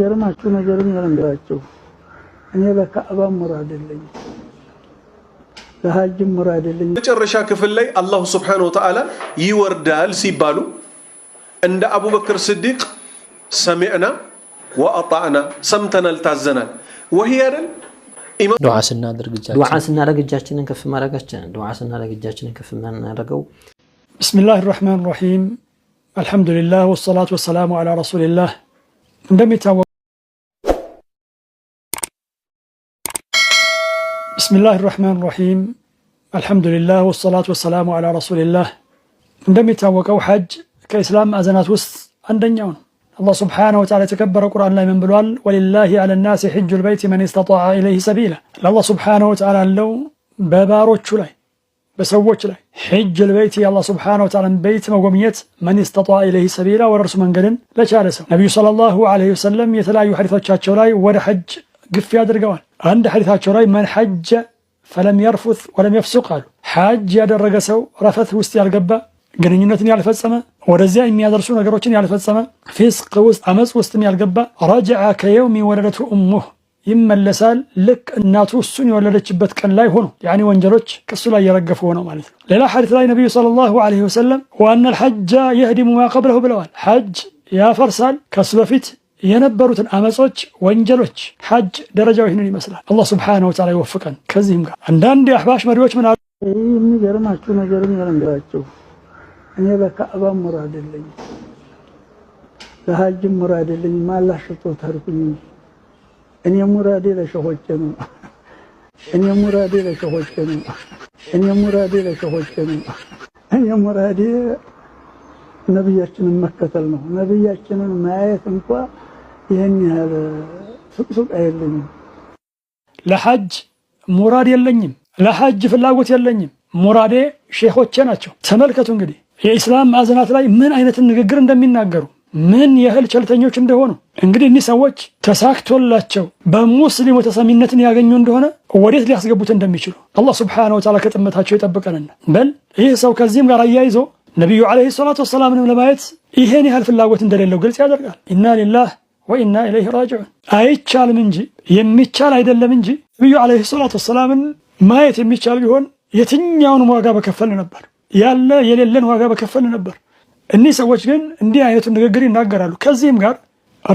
ገርማችሁ ነገርም ልንገራችሁ። እኔ ለካዕባ ሙራድ የለኝ፣ ለሀጅም ሙራድ የለኝ። መጨረሻ ክፍል ላይ አላሁ ስብሓነሁ ወተዓላ ይወርዳል ሲባሉ እንደ አቡበክር ስዲቅ ሰሚዕና ወአጣዕና ሰምተናል፣ ታዘናል። ወህ አይደል ዱዓ ስናደርግ እጃችንን ከፍ ማድረጋችን ዱዓ ስናደርግ እጃችንን ከፍ የምናደርገው ቢስሚላህ ራህማን ራሂም አልሐምዱሊላህ ወሰላቱ ወሰላሙ ዓላ ረሱሊላህ እንደሚታወ بسم الله الرحمن الرحيم الحمد لله والصلاة والسلام على رسول الله عندما يتوقعوا حج كإسلام أزنات وسط عند الله سبحانه وتعالى تكبر القرآن لا من بلوال ولله على الناس حج البيت من استطاع إليه سبيلا الله سبحانه وتعالى لو بابارو تشلي بسوو تشلي حج البيت يا الله سبحانه وتعالى من بيت مقوميت من استطاع إليه سبيلا ورسو من قلن لا نبي صلى الله عليه وسلم يتلا يحرث تشاتشولاي ورحج قف يا درقوان አንድ ሐዲታቸው ላይ መን ሐጀ ፈለም የርፉት ወለም የፍሱቅ አሉ። ሐጅ ያደረገ ሰው ረፈት ውስጥ ያልገባ ግንኙነትን ያልፈጸመ ወደዚያ የሚያደርሱ ነገሮችን ያልፈጸመ ፊስቅ ውስጥ አመፅ ውስጥም ያልገባ ረጀዐ ከየውም ወለደቱ እሙህ ይመለሳል ልክ እናቱ እሱን የወለደችበት ቀን ላይ ሆኖ ያኒ ወንጀሎች ከሱ ላይ የረገፉ ሆነው ማለት ነው። ሌላ ሐዲት ላይ ነቢዩ ሰለላሁ ዐለይሂ ወሰለም ዋና ልሐጃ የህዲሙ ማ ቀብለሁ ብለዋል። ሐጅ ያፈርሳል ከሱ በፊት የነበሩትን አመጾች፣ ወንጀሎች ሐጅ ደረጃው ይህንን ይመስላል። አላህ ስብሓነሁ ወተዓላ ይወፍቀን። ከዚህም ጋር አንዳንድ የአህባሽ መሪዎች ምን አሉ? የሚገርማችሁ ነገር ልንገራችሁ። እኔ ለካዕባ ሙራድ የለኝም፣ ለሐጅም ሙራድ የለኝም። አላህ ሽጦት አልኩኝ። እኔ ሙራዴ ለሸሆቼ ነው። እኔ ሙራዴ ለሸሆቼ ነው። እኔ ሙራዴ ለሸሆቼ ነው። እኔ ሙራዴ ነብያችንን መከተል ነው። ነብያችንን ማየት እንኳ ይህን ያህል ሱቅሱቅ አየለኝም። ለሐጅ ሙራድ የለኝም። ለሐጅ ፍላጎት የለኝም። ሙራዴ ሼሆቼ ናቸው። ተመልከቱ እንግዲህ የኢስላም ማዕዘናት ላይ ምን አይነት ንግግር እንደሚናገሩ ምን ያህል ቸልተኞች እንደሆኑ እንግዲህ እኒህ ሰዎች ተሳክቶላቸው በሙስሊሙ ተሰሚነትን ያገኙ እንደሆነ ወዴት ሊያስገቡት እንደሚችሉ አላህ ስብሓነሁ ወተዓላ ከጥመታቸው ይጠብቀንና በል ይህ ሰው ከዚህም ጋር አያይዞ ነቢዩ ዓለይሂ ሰላቱ ወሰላምንም ለማየት ይሄን ያህል ፍላጎት እንደሌለው ግልጽ ያደርጋል። ኢና ሊላህ ወኢና ኢለይህ ራጅዑን። አይቻልም እንጂ የሚቻል አይደለም እንጂ ነቢዩ ዓለይሂ ሰላቱ ወሰላምን ማየት የሚቻል ቢሆን የትኛውንም ዋጋ በከፈል ነበር፣ ያለ የሌለን ዋጋ በከፈል ነበር። እኒህ ሰዎች ግን እንዲህ አይነቱን ንግግር ይናገራሉ። ከዚህም ጋር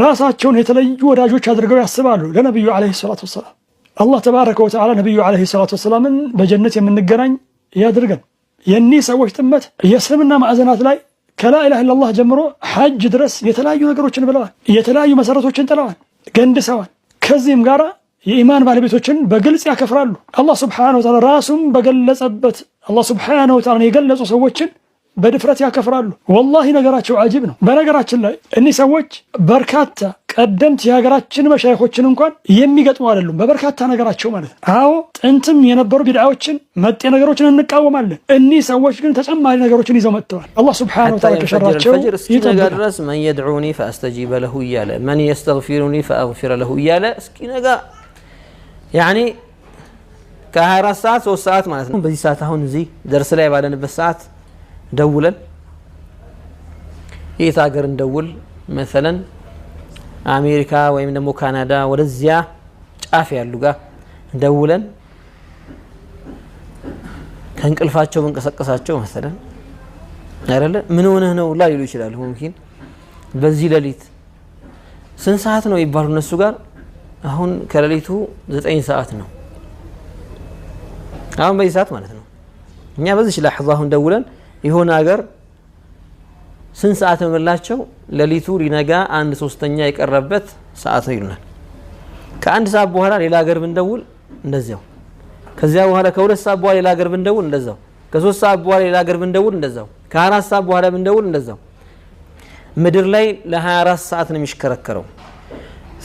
ራሳቸውን የተለዩ ወዳጆች አድርገው ያስባሉ ለነቢዩ ዓለይሂ ሰላቱ ወሰላም። አላህ ተባረከ ወተዓላ ነቢዩ ዓለይሂ ሰላቱ ወሰላምን በጀነት የምንገናኝ ያድርገን። የእኒህ ሰዎች ጥመት የእስልምና ማዕዘናት ላይ ከላኢላህ ኢላላህ ጀምሮ ሐጅ ድረስ የተለያዩ ነገሮችን ብለዋል፣ የተለያዩ መሰረቶችን ጥለዋል፣ ገንድሰዋል። ከዚህም ጋር የኢማን ባለቤቶችን በግልጽ ያከፍራሉ። አላህ ስብሓነሁ ወተዓላ ራሱም በገለጸበት አላህ ስብሓነሁ ወተዓላ የገለጹ ሰዎችን በድፍረት ያከፍራሉ። ወላሂ ነገራቸው አጅብ ነው። በነገራችን ላይ እኒህ ሰዎች በርካታ ቀደምት የሀገራችን መሻይኮችን እንኳን የሚገጥሙ አይደሉም፣ በበርካታ ነገራቸው ማለት ነው። አዎ ጥንትም የነበሩ ቢድዓዎችን መጤ ነገሮችን እንቃወማለን። እኒህ ሰዎች ግን ተጨማሪ ነገሮችን ይዘው መጥተዋል። አላህ ሱብሓነሁ ወተዓላ ከሸራቸው እስኪነጋ ድረስ መን የድዑኒ ፈአስተጂበ ለሁ እያለ መን የስተግፊሩኒ ፈአግፊረ ለሁ እያለ እስኪነጋ ያኔ ከ24 ሰዓት 3 ሰዓት ማለት ነው። በዚህ ሰዓት አሁን እዚህ ደርስ ላይ ባለንበት ሰዓት ደውለን የት ሀገር እንደውል መሰለን አሜሪካ ወይም ደግሞ ካናዳ ወደዚያ ጫፍ ያሉ ጋር ደውለን ከእንቅልፋቸው መንቀሳቀሳቸው መሰለን አይደለ ምን ሆነህ ነው ላ ሊሉ ይችላል። ሙምኪን በዚህ ሌሊት ስንት ሰዓት ነው ይባሉ እነሱ ጋር አሁን ከሌሊቱ ዘጠኝ ሰዓት ነው። አሁን በዚህ ሰዓት ማለት ነው እኛ በዚህ ላሕዛ አሁን ደውለን የሆነ ሀገር ስንት ሰዓት ነው የምላቸው? ሌሊቱ ሊነጋ አንድ ሶስተኛ የቀረበት ሰዓት ነው ይሉናል። ከአንድ ሰዓት በኋላ ሌላ ሀገር ብንደውል እንደዚያው። ከዚያ በኋላ ከሁለት ሰዓት በኋላ ሌላ ሀገር ብንደውል እንደዛው። ከሶስት ሰዓት በኋላ ሌላ ሀገር ብንደውል እንደዛው። ከአራት ሰዓት በኋላ ብንደውል እንደዛው። ምድር ላይ ለ24 ሰዓት ነው የሚሽከረከረው።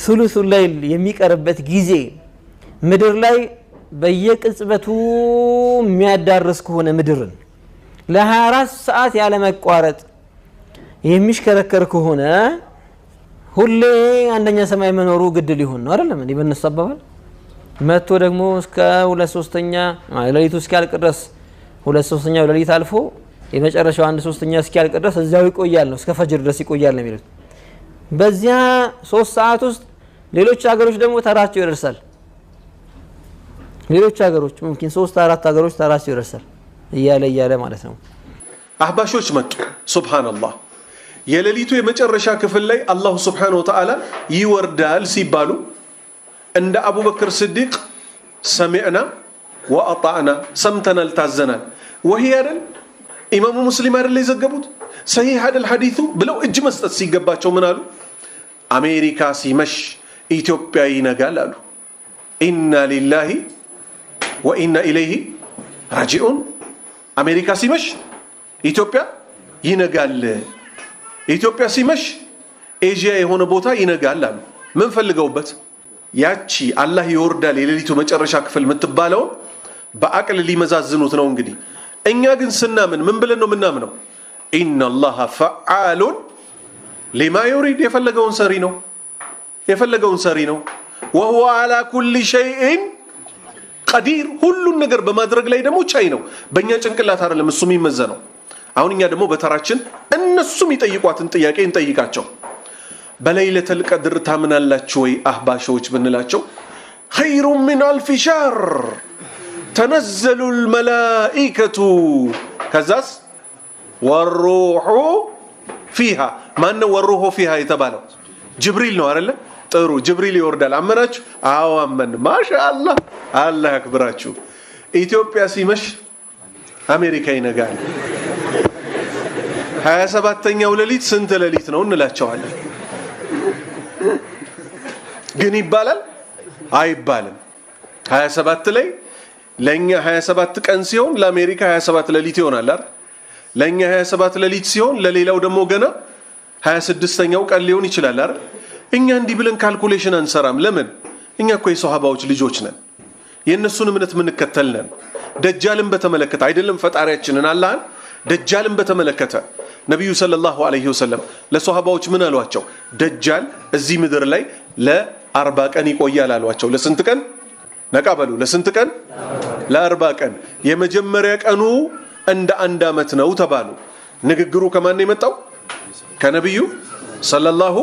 ሱሉሱ ላይል የሚቀርበት ጊዜ ምድር ላይ በየቅጽበቱ የሚያዳርስ ከሆነ ምድርን ለ24 ሰዓት ያለመቋረጥ የሚሽከረከር ከሆነ ሁሌ አንደኛ ሰማይ መኖሩ ግድ ሊሆን ነው አይደለም እንዲህ በነሱ አባባል መጥቶ ደግሞ እስከ ሁለት ሶስተኛ ሌሊቱ እስኪያልቅ ድረስ ሁለት ሶስተኛ ሌሊት አልፎ የመጨረሻው አንድ ሶስተኛ እስኪያልቅ ድረስ እዚያው ይቆያል ነው እስከ ፈጅር ድረስ ይቆያል ነው የሚሉት በዚያ ሶስት ሰዓት ውስጥ ሌሎች ሀገሮች ደግሞ ተራቸው ይደርሳል ሌሎች ሀገሮች ሙምኪን ሶስት አራት ሀገሮች ተራቸው ይደርሳል እያለ እያለ ማለት ነው አህባሾች መጡ ሱብሃነላህ የሌሊቱ የመጨረሻ ክፍል ላይ አላሁ ስብሓነሁ ወተዓላ ይወርዳል ሲባሉ እንደ አቡበክር ስዲቅ ሰሚዕና ወአጣዕና ሰምተናል፣ ታዘናል። ወሂ አይደል ኢማሙ ሙስሊም አይደል የዘገቡት ሰሂህ አይደል ሐዲቱ ብለው እጅ መስጠት ሲገባቸው ምን አሉ? አሜሪካ ሲመሽ ኢትዮጵያ ይነጋል አሉ። ኢና ሊላሂ ወኢና ኢለይሂ ራጂዑን። አሜሪካ ሲመሽ ኢትዮጵያ ይነጋል። ኢትዮጵያ ሲመሽ ኤዥያ የሆነ ቦታ ይነጋል አሉ። ምን ፈልገውበት? ያቺ አላህ ይወርዳል የሌሊቱ መጨረሻ ክፍል የምትባለውን በአቅል ሊመዛዝኑት ነው። እንግዲህ እኛ ግን ስናምን ምን ብለን ነው የምናምነው? ኢነላሃ ፈዓሉን ሊማ ዩሪድ፣ የፈለገውን ሰሪ ነው የፈለገውን ሰሪ ነው። ወሁወ አላ ኩሊ ሸይኢን ቀዲር፣ ሁሉን ነገር በማድረግ ላይ ደግሞ ቻይ ነው። በእኛ ጭንቅላት አይደለም እሱ የሚመዘነው። አሁን እኛ ደግሞ በተራችን እነሱም ይጠይቋትን ጥያቄ እንጠይቃቸው። በለይለተል ቀድር ታምናላችሁ ወይ አህባሾች ብንላቸው ኸይሩ ምን አልፊ ሻር ተነዘሉ ልመላኢከቱ ከዛስ ወሩሑ ፊሃ ማነው ወሩሑ ፊሃ የተባለው ጅብሪል ነው አይደለ? ጥሩ ጅብሪል ይወርዳል። አመናችሁ? አዎ አመን። ማሻአላህ አላህ ያክብራችሁ። ኢትዮጵያ ሲመሽ አሜሪካ ይነጋል። ሀያ ሰባተኛው ሌሊት ስንት ለሊት ነው እንላቸዋለን። ግን ይባላል አይባልም። 27 ላይ ለኛ 27 ቀን ሲሆን ለአሜሪካ 27 ሌሊት ይሆናል አይደል? ለኛ 27 ለሊት ሲሆን ለሌላው ደግሞ ገና 26ኛው ቀን ሊሆን ይችላል አይደል? እኛ እንዲህ ብለን ካልኩሌሽን አንሰራም። ለምን? እኛ እኮ የሰሃባዎች ልጆች ነን። የእነሱን እምነት ምንከተል ነን። ደጃልን በተመለከተ አይደለም ፈጣሪያችንን አላህን ደጃልን በተመለከተ ነቢዩ ሰለላሁ ዐለይሂ ወሰለም ለሶሃባዎች ምን አሏቸው? ደጃል እዚህ ምድር ላይ ለአርባ ቀን ይቆያል አሏቸው። ለስንት ቀን ነቃበሉ? ለስንት ቀን? ለአርባ ቀን። የመጀመሪያ ቀኑ እንደ አንድ ዓመት ነው ተባሉ። ንግግሩ ከማን የመጣው? ከነቢዩ ሰለላሁ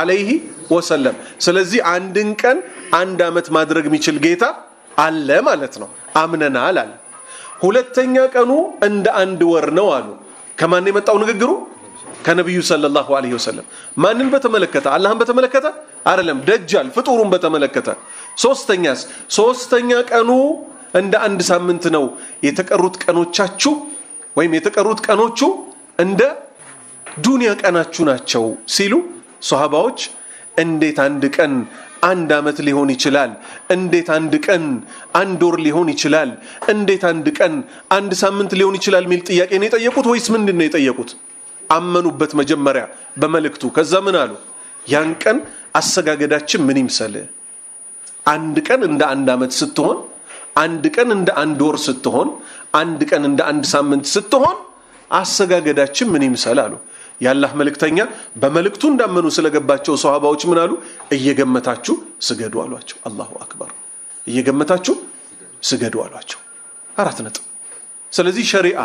ዐለይሂ ወሰለም። ስለዚህ አንድን ቀን አንድ ዓመት ማድረግ የሚችል ጌታ አለ ማለት ነው። አምነናል አለ። ሁለተኛ ቀኑ እንደ አንድ ወር ነው አሉ። ከማን የመጣው ንግግሩ? ከነቢዩ ሰለላሁ ዐለይሂ ወሰለም። ማንን በተመለከተ? አላህን በተመለከተ አይደለም፣ ደጃል ፍጡሩን በተመለከተ። ሶስተኛስ? ሶስተኛ ቀኑ እንደ አንድ ሳምንት ነው። የተቀሩት ቀኖቻችሁ ወይም የተቀሩት ቀኖቹ እንደ ዱንያ ቀናችሁ ናቸው ሲሉ ሶሃባዎች እንዴት አንድ ቀን አንድ ዓመት ሊሆን ይችላል። እንዴት አንድ ቀን አንድ ወር ሊሆን ይችላል? እንዴት አንድ ቀን አንድ ሳምንት ሊሆን ይችላል የሚል ጥያቄ ነው የጠየቁት ወይስ ምንድን ነው የጠየቁት? አመኑበት መጀመሪያ በመልእክቱ። ከዛ ምን አሉ? ያን ቀን አሰጋገዳችን ምን ይምሰል? አንድ ቀን እንደ አንድ ዓመት ስትሆን፣ አንድ ቀን እንደ አንድ ወር ስትሆን፣ አንድ ቀን እንደ አንድ ሳምንት ስትሆን አሰጋገዳችን ምን ይምሰል አሉ። የአላህ መልእክተኛ በመልእክቱ እንዳመኑ ስለገባቸው ሰሃባዎች ምን አሉ? እየገመታችሁ ስገዱ አሏቸው። አላሁ አክበር፣ እየገመታችሁ ስገዱ አሏቸው። አራት ነጥብ። ስለዚህ ሸሪአ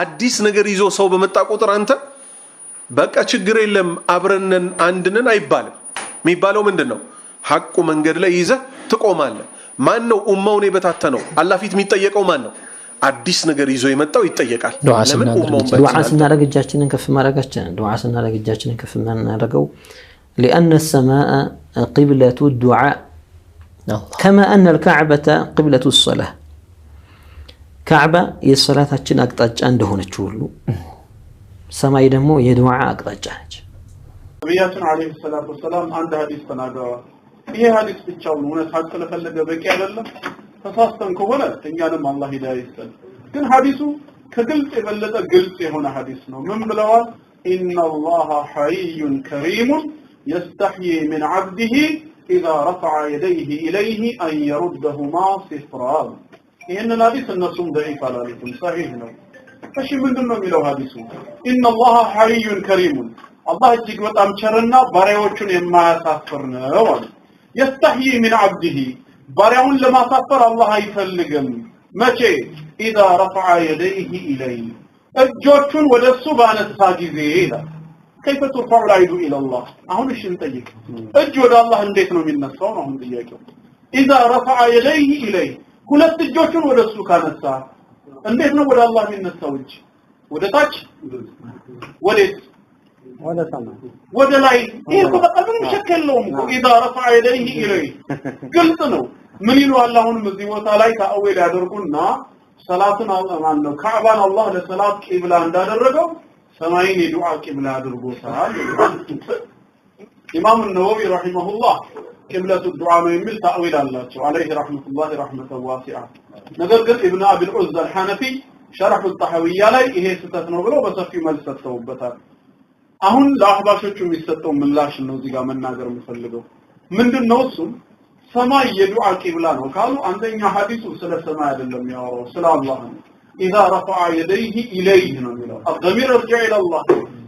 አዲስ ነገር ይዞ ሰው በመጣ ቁጥር አንተ በቃ ችግር የለም አብረነን አንድነን አይባልም። የሚባለው ምንድን ነው? ሐቁ መንገድ ላይ ይዘህ ትቆማለህ። ማን ነው ኡማውን የበታተነው? አላህ ፊት የሚጠየቀው ማን ነው? አዲስ ነገር ይዞ የመጣው ይጠየቃል። ዱዓ ስናደርግ እጃችንን ከፍ ማድረጋችን ዱዓ ስናደርግ እጃችንን ከፍ የምናደርገው ሊአነ ሰማአ ቂብለቱ ዱዓ ከማ አነ ልካዕበተ ቂብለቱ ሰላ ካዕባ የሰላታችን አቅጣጫ እንደሆነች ሁሉ ሰማይ ደግሞ የዱዓ አቅጣጫ ነች። ነቢያችን ዓለይሂ ሰላቱ ወሰላም አንድ ሀዲስ ተናግረዋል። ይሄ ሀዲስ ብቻውን እውነት ሀቅ ለፈለገ በቂ አይደለም። ተሳስተን ከሆነ እኛንም አላህ ሂዳያ ይስጠን ግን ሐዲሱ ከግልጽ የበለጠ ግልጽ የሆነ ሐዲስ ነው ምን ብለዋል ان الله حي كريم يستحيي من عبده اذا رفع يديه اليه ان يردهما صفرا ይህን ሐዲስ እነሱም ደዒፍ አላሉትም ሰሒህ ነው እሺ ምንድን ነው የሚለው ሐዲሱ ان الله حي كريم አላህ እጅግ በጣም ቸርና ባሪያዎቹን የማያሳፍር ነው አለ يستحيي من عبده ባሪያውን ለማሳፈር አላህ አይፈልግም። መቼ ኢዛ ረፈዐ የደይህ ኢለይ እጆቹን ወደ እሱ ባነሳ ጊዜ ይላል። ከይፈ ቱርፈዑል አይዱ ኢለላህ። አሁን እሺ እንጠይቅ፣ እጅ ወደ አላህ እንዴት ነው የሚነሳው? ነው አሁን ጥያቄው። ኢዛ ረፈዐ የደይህ ኢለይ ሁለት እጆቹን ወደ እሱ ካነሳ እንዴት ነው ወደ አላህ የሚነሳው? እጅ ወደ ታች ወዴት ወደ ሰማይ ወደ ላይ ይሄ እኮ በቃ ምንም ሸክ የለውም እኮ ኢዛ ረፋ የደይህ ኢለይህ ግልጽ ነው ምን ይሉሃል አሁንም እዚህ ቦታ ላይ ታአዌል ያደርጉና ሰላትን ማን ነው ካዕባን አላህ ለሰላት ቂብላ እንዳደረገው ሰማይን የዱዓ ቂብላ አድርጎታል ኢማም ነወዊ ረሂመሁላህ ቅብለቱ ዱዓ ነው የሚል ታእዊል አላቸው አለይህ ረሕመቱላህ ረሕመተን ዋሲዓ ነገር ግን ኢብን አብል ዑዝ አልሐነፊ ሸረሑ ጣሐዊያ ላይ ይሄ ስህተት ነው ብሎ በሰፊው መልስ ሰጥተውበታል አሁን ለአህባሾቹ የሚሰጠው ምላሽ ነው እዚህ ጋር መናገር የምፈልገው ምንድነው እሱ ሰማይ የዱዓ ቂብላ ነው ካሉ አንደኛ ሐዲሱ ስለ ሰማይ አይደለም ያወራው ስለ አላህ ነው ኢዛ رفع يديه ኢለይህ ነው የሚለው አዘሚር እርጃ الى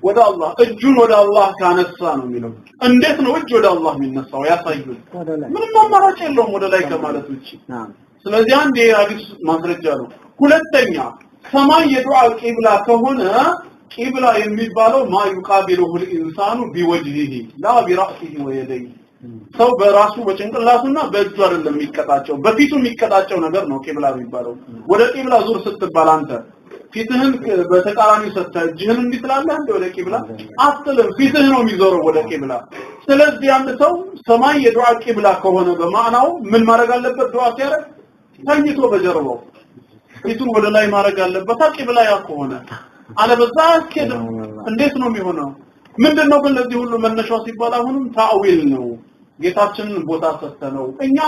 ወደ አላህ እጁን ወደ አላህ ካነሳ ነው የሚለው እንዴት ነው እጅ ወደ አላህ የሚነሳው ያሳዩን ምንም አማራጭ የለውም ወደ ላይ ከማለት ውጭ ስለዚህ አንድ የሀዲስ ማስረጃ ነው ሁለተኛ ሰማይ የዱዓ ቂብላ ከሆነ ቂብላ የሚባለው ማ ዩቃቢሉሁ ልኢንሳኑ ቢወጅሂ ላ ቢራእሲሂ ወየደይ ሰው በራሱ በጭንቅላቱና በእጁ አይደለም የሚቀጣቸው በፊቱ የሚቀጣቸው ነገር ነው ቂብላ የሚባለው ወደ ቂብላ ዙር ስትባል አንተ ፊትህን በተቃራኒ ሰጥተህ እጅህን እንዲትላለህ እንደ ወደ ቂብላ አትልም ፊትህ ነው የሚዞረው ወደ ቂብላ ስለዚህ አንድ ሰው ሰማይ የዱዓ ቂብላ ከሆነ በማዕናው ምን ማድረግ አለበት ዱዓ ሲያደርግ ተኝቶ በጀርባው ፊቱን ወደ ላይ ማድረግ አለበት ቂብላ ያ ከሆነ አለበዛ አስኬድም እንዴት ነው የሚሆነው ምንድነው ግን ለዚህ ሁሉ መነሻው ሲባል አሁንም ታዊል ነው ጌታችንን ቦታ ሰተነው እኛ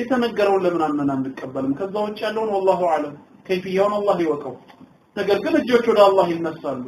የተነገረውን ለምን አምነን አንቀበልም ከዛ ውጭ ያለውን ወላሁ አለም ከይፍያውን አላህ ይወቀው ነገር ግን እጆች ወደ አላህ ይነሳሉ